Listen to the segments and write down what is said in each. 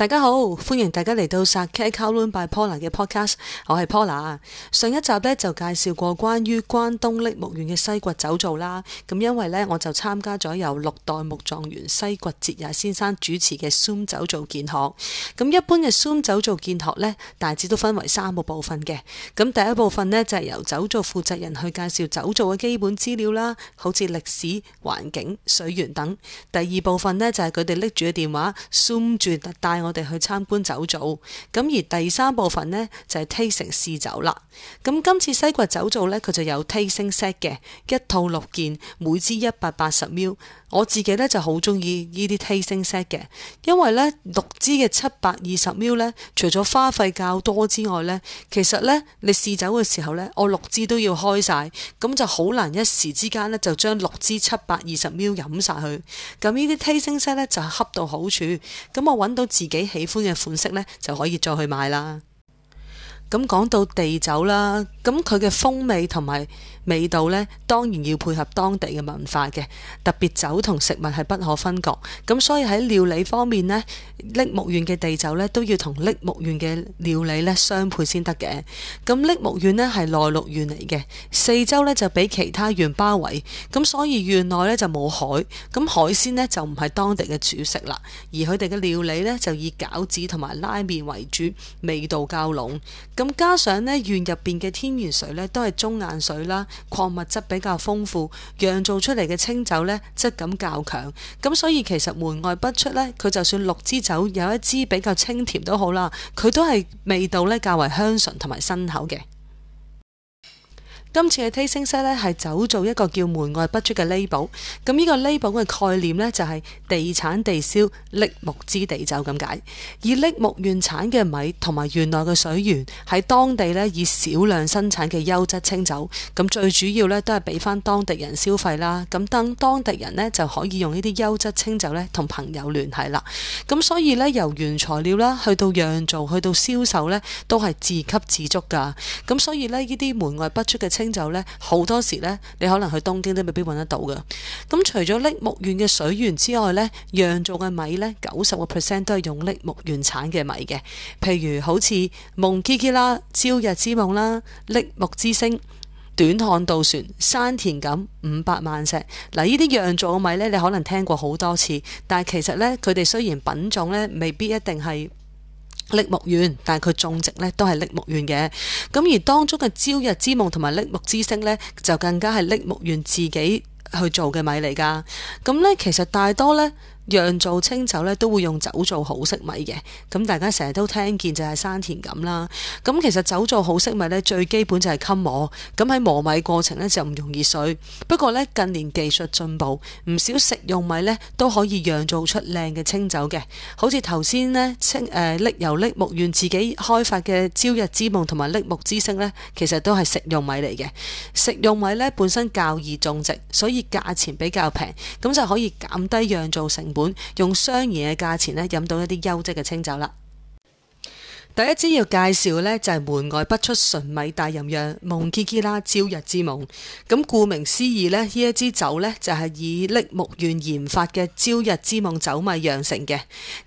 大家好，歡迎大家嚟到《Sake Column by Pola》嘅 podcast，我係 Pola。上一集呢，就介紹過關於關東栃木縣嘅西堀酒造啦。咁因為呢，我就參加咗由六代目藏元西堀哲也先生主持嘅 Zoom 酒造見學。咁一般嘅 Zoom 酒造見學呢，大致都分為三個部分嘅。咁第一部分呢，就係由酒造負責人去介紹酒造嘅基本資料啦，好似歷史、環境、水源等。第二部分呢，就係佢哋拎住嘅電話 Zoom 住帶我。我哋去參觀酒造，咁而第三部分呢，就係 tasting 試酒啦。咁今次西貴酒造呢，佢就有 tasting set 嘅一套六件，每支一百八十 ml。我自己呢就好中意呢啲 tasting set 嘅，因為呢六支嘅七百二十 ml 呢，除咗花費較多之外呢，其實呢，你試酒嘅時候呢，我六支都要開晒，咁就好難一時之間呢，就將六支七百二十 ml 飲晒去。咁呢啲 tasting set 呢，就恰到好處，咁我揾到自己。喜歡嘅款式咧，就可以再去買啦。咁講到地酒啦，咁佢嘅風味同埋味道呢，當然要配合當地嘅文化嘅。特別酒同食物係不可分割，咁所以喺料理方面呢，栃木縣嘅地酒呢都要同栃木縣嘅料理呢相配先得嘅。咁栃木縣呢係內陸縣嚟嘅，四周呢就俾其他縣包圍，咁所以縣內呢就冇海，咁海鮮呢就唔係當地嘅主食啦。而佢哋嘅料理呢，就以餃子同埋拉麵為主，味道較濃。咁加上呢，院入邊嘅天然水呢都係中硬水啦，礦物質比較豐富，釀造出嚟嘅清酒呢質感較強。咁所以其實門外不出呢，佢就算六支酒有一支比較清甜好都好啦，佢都係味道呢較為香醇同埋辛口嘅。今次嘅 tasting set 係走做一個叫門外不出嘅 label，咁呢個 label 嘅概念呢，就係地產地銷，檸木之地酒咁解。而檸木原產嘅米同埋原來嘅水源喺當地呢，以少量生產嘅優質清酒，咁最主要呢，都係俾翻當地人消費啦。咁等當地人呢，就可以用呢啲優質清酒呢，同朋友聯繫啦。咁所以呢，由原材料啦去到釀造，去到銷售呢，都係自給自足噶。咁所以呢，呢啲門外不出嘅星酒呢，好多時呢，你可能去東京都未必揾得到嘅。咁除咗櫪木縣嘅水源之外呢，釀造嘅米呢，九十個 percent 都係用櫪木縣產嘅米嘅。譬如好似夢 Kiki 啦、朝日之夢啦、櫪木之星、短稈渡船、山田錦、五百萬石嗱，呢啲釀造嘅米呢，你可能聽過好多次，但係其實呢，佢哋雖然品種呢，未必一定係。粟木苑，但係佢種植咧都係粟木苑嘅，咁而當中嘅朝日之夢同埋粟木之星咧，就更加係粟木苑自己去做嘅米嚟噶，咁咧其實大多咧。釀造清酒呢，都會用酒造好色米嘅。咁大家成日都聽見就係山田咁啦。咁其實酒造好色米呢，最基本就係襟磨。咁喺磨米過程呢，就唔容易碎。不過呢，近年技術進步，唔少食用米呢都可以釀造出靚嘅清酒嘅。好似頭先呢，清誒瀝油瀝木縣自己開發嘅朝日之夢同埋瀝木之星呢，其實都係食用米嚟嘅。食用米呢本身較易種植，所以價錢比較平，咁就可以減低釀造成。本用相宜嘅價錢咧，飲到一啲優質嘅清酒啦。第一支要介紹呢，就係門外不出純米大吟釀夢基基啦，朝日之夢，咁顧名思義呢，呢一支酒呢，就係以栃木縣研發嘅朝日之夢酒米釀成嘅。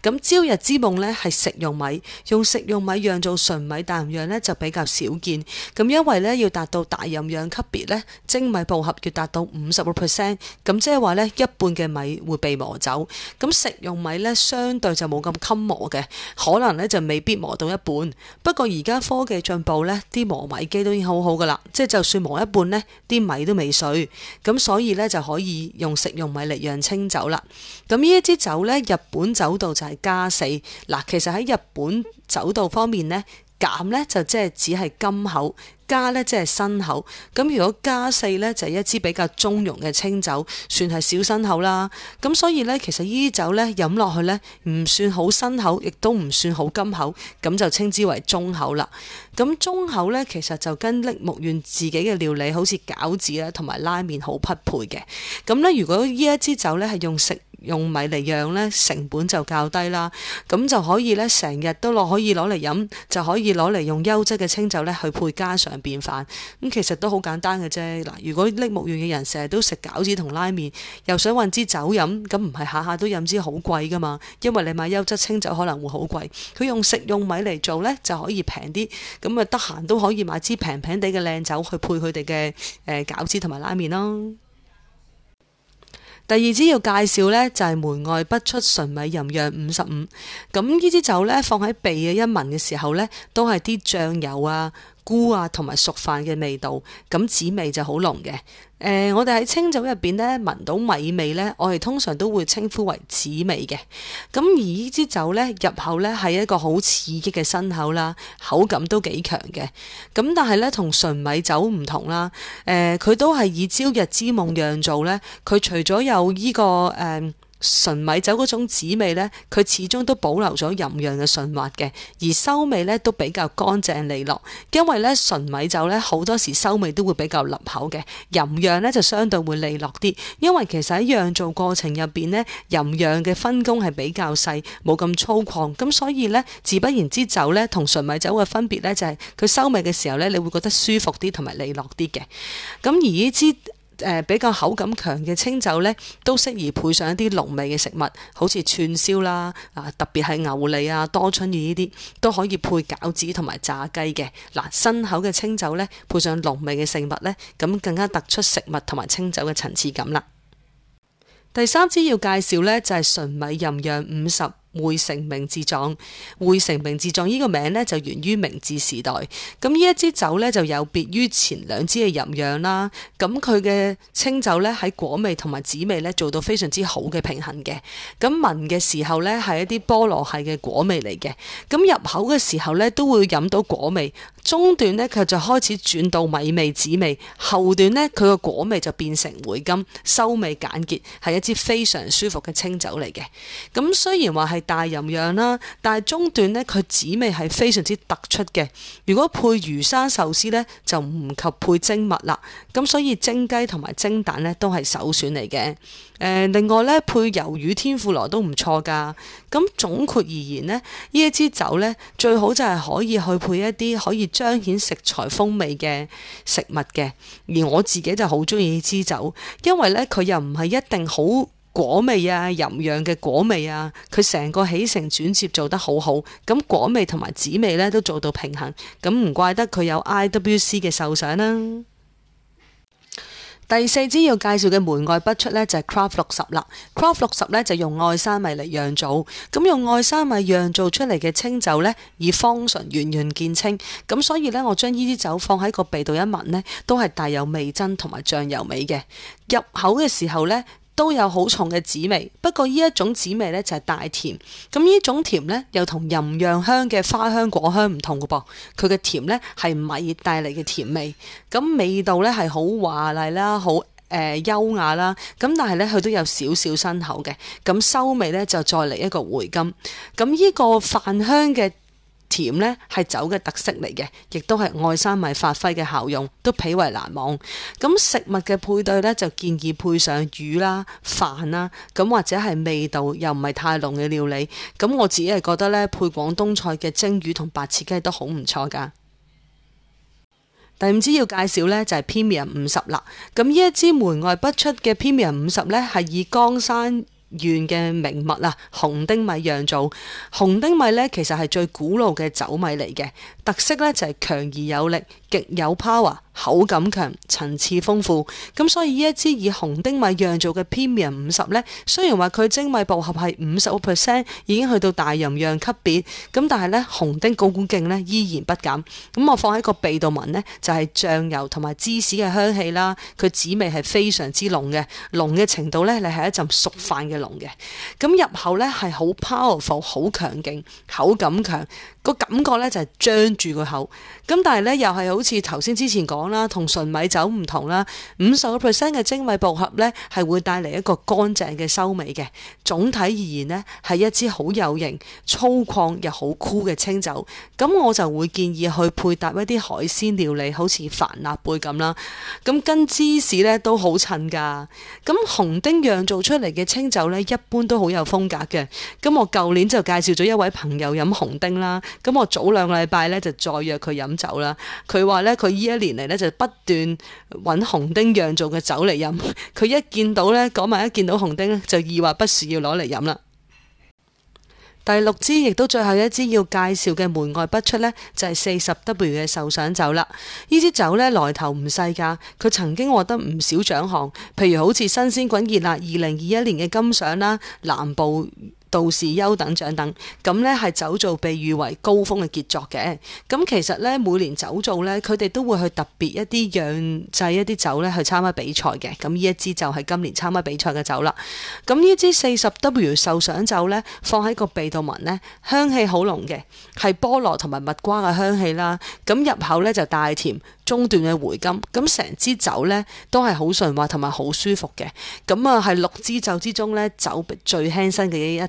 咁朝日之夢呢，係食用米，用食用米釀做純米大吟釀呢，就比較少見。咁因為呢，要達到大吟釀級別呢，精米步合要達到五十個 percent，咁即係話呢，一半嘅米會被磨走。咁食用米呢，相對就冇咁襟磨嘅，可能呢，就未必磨到。一半，不過而家科技進步呢，啲磨米機都已經好好噶啦，即係就算磨一半呢，啲米都未碎，咁所以呢，就可以用食用米嚟釀清酒啦。咁呢一支酒呢，日本酒度就係加四。嗱，其實喺日本酒度方面呢，減呢就即係只係甘口，加呢即係辛口。咁如果加四呢，就一支比較中庸嘅清酒，算係少辛口啦。咁所以呢，其實呢酒呢，飲落去呢，唔算好辛口，亦都唔算好甘口，咁就稱之為中口啦。咁中口呢，其實就跟力木院自己嘅料理好似餃子啊同埋拉麵好匹配嘅。咁呢，如果呢一支酒呢，係用食。用米嚟釀呢，成本就較低啦，咁就可以呢，成日都落可以攞嚟飲，就可以攞嚟用優質嘅清酒呢去配家常便飯。咁其實都好簡單嘅啫。嗱，如果拎木源嘅人成日都食餃子同拉麵，又想揾支酒飲，咁唔係下下都飲支好貴㗎嘛？因為你買優質清酒可能會好貴，佢用食用米嚟做呢，就可以平啲，咁啊得閒都可以買支平平地嘅靚酒去配佢哋嘅誒餃子同埋拉麵咯。第二支要介紹呢，就係門外不出純米吟釀五十五，咁呢支酒呢，放喺鼻嘅一聞嘅時候呢，都係啲醬油啊。菇啊，同埋熟飯嘅味道，咁紫味就好濃嘅。誒、呃，我哋喺清酒入面呢，聞到米味呢，我哋通常都會稱呼為紫味嘅。咁而呢支酒呢，入口呢，係一個好刺激嘅辛口啦，口感都幾強嘅。咁但係呢，同純米酒唔同啦。誒、呃，佢都係以朝日之夢釀造呢，佢除咗有依、這個誒。呃純米酒嗰種滋味呢，佢始終都保留咗吟釀嘅順滑嘅，而收味呢都比較乾淨利落。因為呢，純米酒呢好多時收味都會比較立口嘅，吟釀呢就相對會利落啲。因為其實喺釀造過程入邊呢，吟釀嘅分工係比較細，冇咁粗獷。咁所以呢，自不然之酒呢同純米酒嘅分別呢，就係佢收味嘅時候呢，你會覺得舒服啲同埋利落啲嘅。咁而呢支。誒、呃、比較口感強嘅清酒呢，都適宜配上一啲濃味嘅食物，好似串燒啦，啊特別係牛脷啊、多春魚呢啲，都可以配餃子同埋炸雞嘅。嗱、呃、辛口嘅清酒呢，配上濃味嘅食物呢，咁更加突出食物同埋清酒嘅層次感啦。第三支要介紹呢，就係、是、純米吟釀五十。匯成名智壯，匯成名智壯呢個名呢，就源於明治時代。咁呢一支酒呢，就有別於前兩支嘅吟釀啦。咁佢嘅清酒呢，喺果味同埋紫味呢，做到非常之好嘅平衡嘅。咁聞嘅時候呢，係一啲菠蘿係嘅果味嚟嘅。咁入口嘅時候呢，都會飲到果味，中段呢，佢就開始轉到米味紫味，後段呢，佢個果味就變成回甘，收尾簡潔，係一支非常舒服嘅清酒嚟嘅。咁雖然話係。大吟釀啦，但係中段呢，佢紫味係非常之突出嘅。如果配魚生壽司呢，就唔及配蒸物啦。咁所以蒸雞同埋蒸蛋呢，都係首選嚟嘅。誒，另外呢，配魷魚天婦羅都唔錯噶。咁總括而言呢，呢一支酒呢，最好就係可以去配一啲可以彰顯食材風味嘅食物嘅。而我自己就好中意呢支酒，因為呢，佢又唔係一定好。果味啊，吟釀嘅果味啊，佢成個起承轉接做得好好，咁果味同埋紫味呢，都做到平衡，咁唔怪得佢有 IWC 嘅受賞啦。第四支要介紹嘅門外不出呢，就係、是、Craft 六十啦。Craft 六十呢，就用愛山米嚟釀造，咁用愛山米釀造出嚟嘅清酒呢，以芳醇圓潤見稱，咁所以呢，我將呢啲酒放喺個鼻度一聞呢，都係帶有味噌同埋醬油味嘅。入口嘅時候呢。都有好重嘅旨味，不過呢一種旨味呢就係大甜，咁呢種甜呢，又同吟釀香嘅花香果香唔同嘅噃，佢嘅甜咧係米帶嚟嘅甜味，咁味道呢，係好華麗啦，好誒、呃、優雅啦，咁但係呢，佢都有少少辛口嘅，咁收尾呢，就再嚟一個回甘，咁呢個飯香嘅。甜呢係酒嘅特色嚟嘅，亦都係愛山米發揮嘅效用，都頗為難忘。咁食物嘅配對呢，就建議配上魚啦、飯啦，咁或者係味道又唔係太濃嘅料理。咁我自己係覺得呢，配廣東菜嘅蒸魚同白切雞都好唔錯噶第五支要介紹呢，就係 Premium 五十啦，咁呢一支門外不出嘅 Premium 五十呢，係以江山。原嘅名物啊，雄町米釀造。雄町米呢，其實係最古老嘅酒米嚟嘅，特色呢就係強而有力。極有 power，口感強，層次豐富。咁所以呢，一支以紅丁米釀造嘅 Premium 50呢雖然話佢精米步合係五十個 percent，已經去到大吟釀級別。咁但係呢紅丁高股勁呢依然不減。咁我放喺個鼻度聞呢，就係、是、醬油同埋芝士嘅香氣啦。佢紫味係非常之濃嘅，濃嘅程度呢，你係一陣熟飯嘅濃嘅。咁入口呢，係好 powerful，好強勁，口感強，個感覺呢，就係張住個口。咁但係呢，又係好。好似頭先之前講啦，同純米酒唔同啦，五十個 percent 嘅精米步合呢係會帶嚟一個乾淨嘅收尾嘅。總體而言呢，係一支好有型、粗獷又好酷嘅清酒。咁我就會建議去配搭一啲海鮮料理，好似帆立貝咁啦。咁跟芝士呢都好襯噶。咁紅丁釀造出嚟嘅清酒呢，一般都好有風格嘅。咁我舊年就介紹咗一位朋友飲紅丁啦。咁我早兩個禮拜呢，就再約佢飲酒啦。佢話。話咧，佢呢一年嚟呢，就不斷揾紅丁釀造嘅酒嚟飲。佢一見到呢，講埋一見到紅丁呢，就二話不說要攞嚟飲啦。第六支亦都最後一支要介紹嘅門外不出呢，就係四十 W 嘅受賞酒啦。呢支酒呢，來頭唔細噶，佢曾經獲得唔少獎項，譬如好似新鮮滾熱辣二零二一年嘅金賞啦，南部。道士優等獎等咁呢係酒造被譽為高峰嘅傑作嘅。咁其實呢，每年酒造呢，佢哋都會去特別一啲釀製一啲酒呢去參加比賽嘅。咁呢一支就係今年參加比賽嘅酒啦。咁呢支四十 W 受賞酒呢，放喺個鼻度聞呢，香氣好濃嘅，係菠蘿同埋蜜瓜嘅香氣啦。咁入口呢，就帶甜，中段嘅回甘，咁成支酒呢，都係好順滑同埋好舒服嘅。咁啊，係六支酒之中呢，酒最輕身嘅一。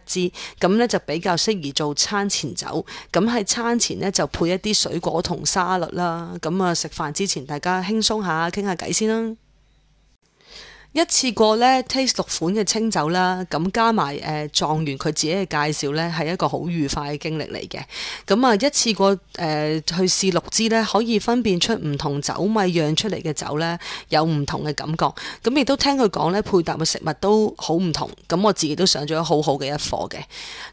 咁呢就比較適宜做餐前酒，咁喺餐前呢，就配一啲水果同沙律啦。咁啊，食飯之前，大家輕鬆下傾下偈先啦。聊聊一次過呢 Taste 六款嘅清酒啦，咁加埋誒、呃、狀元佢自己嘅介紹呢，係一個好愉快嘅經歷嚟嘅。咁、嗯、啊，一次過、呃、去試六支呢，可以分辨出唔同酒米釀出嚟嘅酒呢，有唔同嘅感覺。咁、嗯、亦都聽佢講呢，配搭嘅食物都好唔同。咁我自己都上咗好好嘅一課嘅。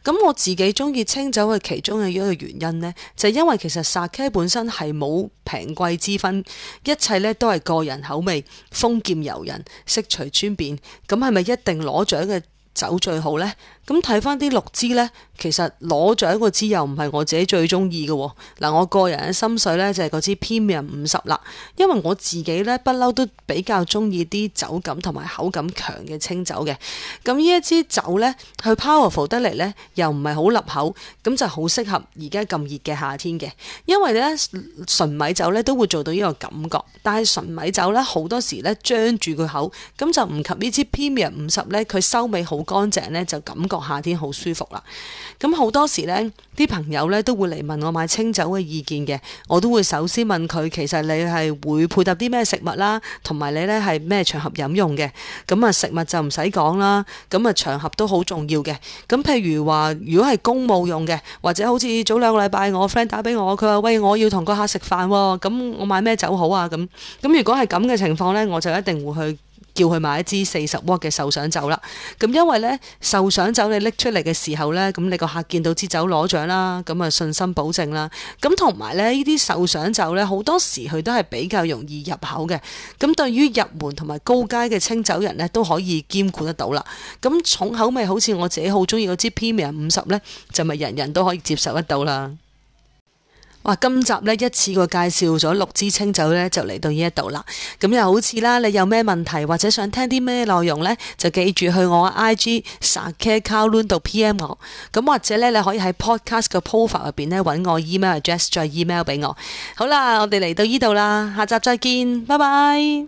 咁、嗯、我自己中意清酒嘅其中嘅一個原因呢，就係、是、因為其實 Sake 本身係冇平貴之分，一切呢都係個人口味，豐儉由人食。隨尊便，咁係咪一定攞獎嘅酒最好呢？咁睇翻啲六支呢，其實攞咗一個支又唔係我自己最中意嘅喎。嗱，我個人嘅心水呢，就係嗰支 Premium 五十啦，因為我自己呢，不嬲都比較中意啲酒感同埋口感強嘅清酒嘅。咁呢一支酒呢，佢 powerful 得嚟呢，又唔係好立口，咁就好適合而家咁熱嘅夏天嘅。因為呢，純米酒呢都會做到呢個感覺，但係純米酒呢，好多時呢，張住個口，咁就唔及呢支 Premium 五十呢，佢收尾好乾淨呢，就感。個夏天好舒服啦，咁好多時呢啲朋友呢都會嚟問我買清酒嘅意見嘅，我都會首先問佢，其實你係會配搭啲咩食物啦，同埋你呢係咩場合飲用嘅，咁啊食物就唔使講啦，咁啊場合都好重要嘅，咁譬如話如果係公務用嘅，或者好似早兩個禮拜我 friend 打俾我，佢話喂，我要同個客食飯，咁我買咩酒好啊？咁，咁如果係咁嘅情況呢，我就一定會去。叫佢買一支四十沃嘅受賞酒啦，咁因為呢，受賞酒你拎出嚟嘅時候呢，咁你個客見到支酒攞獎啦，咁啊信心保證啦，咁同埋呢啲受賞酒呢，好多時佢都係比較容易入口嘅，咁對於入門同埋高階嘅清酒人呢，都可以兼顧得到啦，咁重口味好似我自己好中意嗰支 Premium 五十呢，就咪人人都可以接受得到啦。哇！今集呢一次過介紹咗六支清酒呢就嚟到呢一度啦。咁又好似啦，你有咩問題或者想聽啲咩內容呢？就記住去我 I G s a k a k a u n 度 P M 我。咁或者呢，你可以喺 Podcast 嘅 profile 入面呢揾我 email address 再 email 俾我。好啦，我哋嚟到呢度啦，下集再見，拜拜。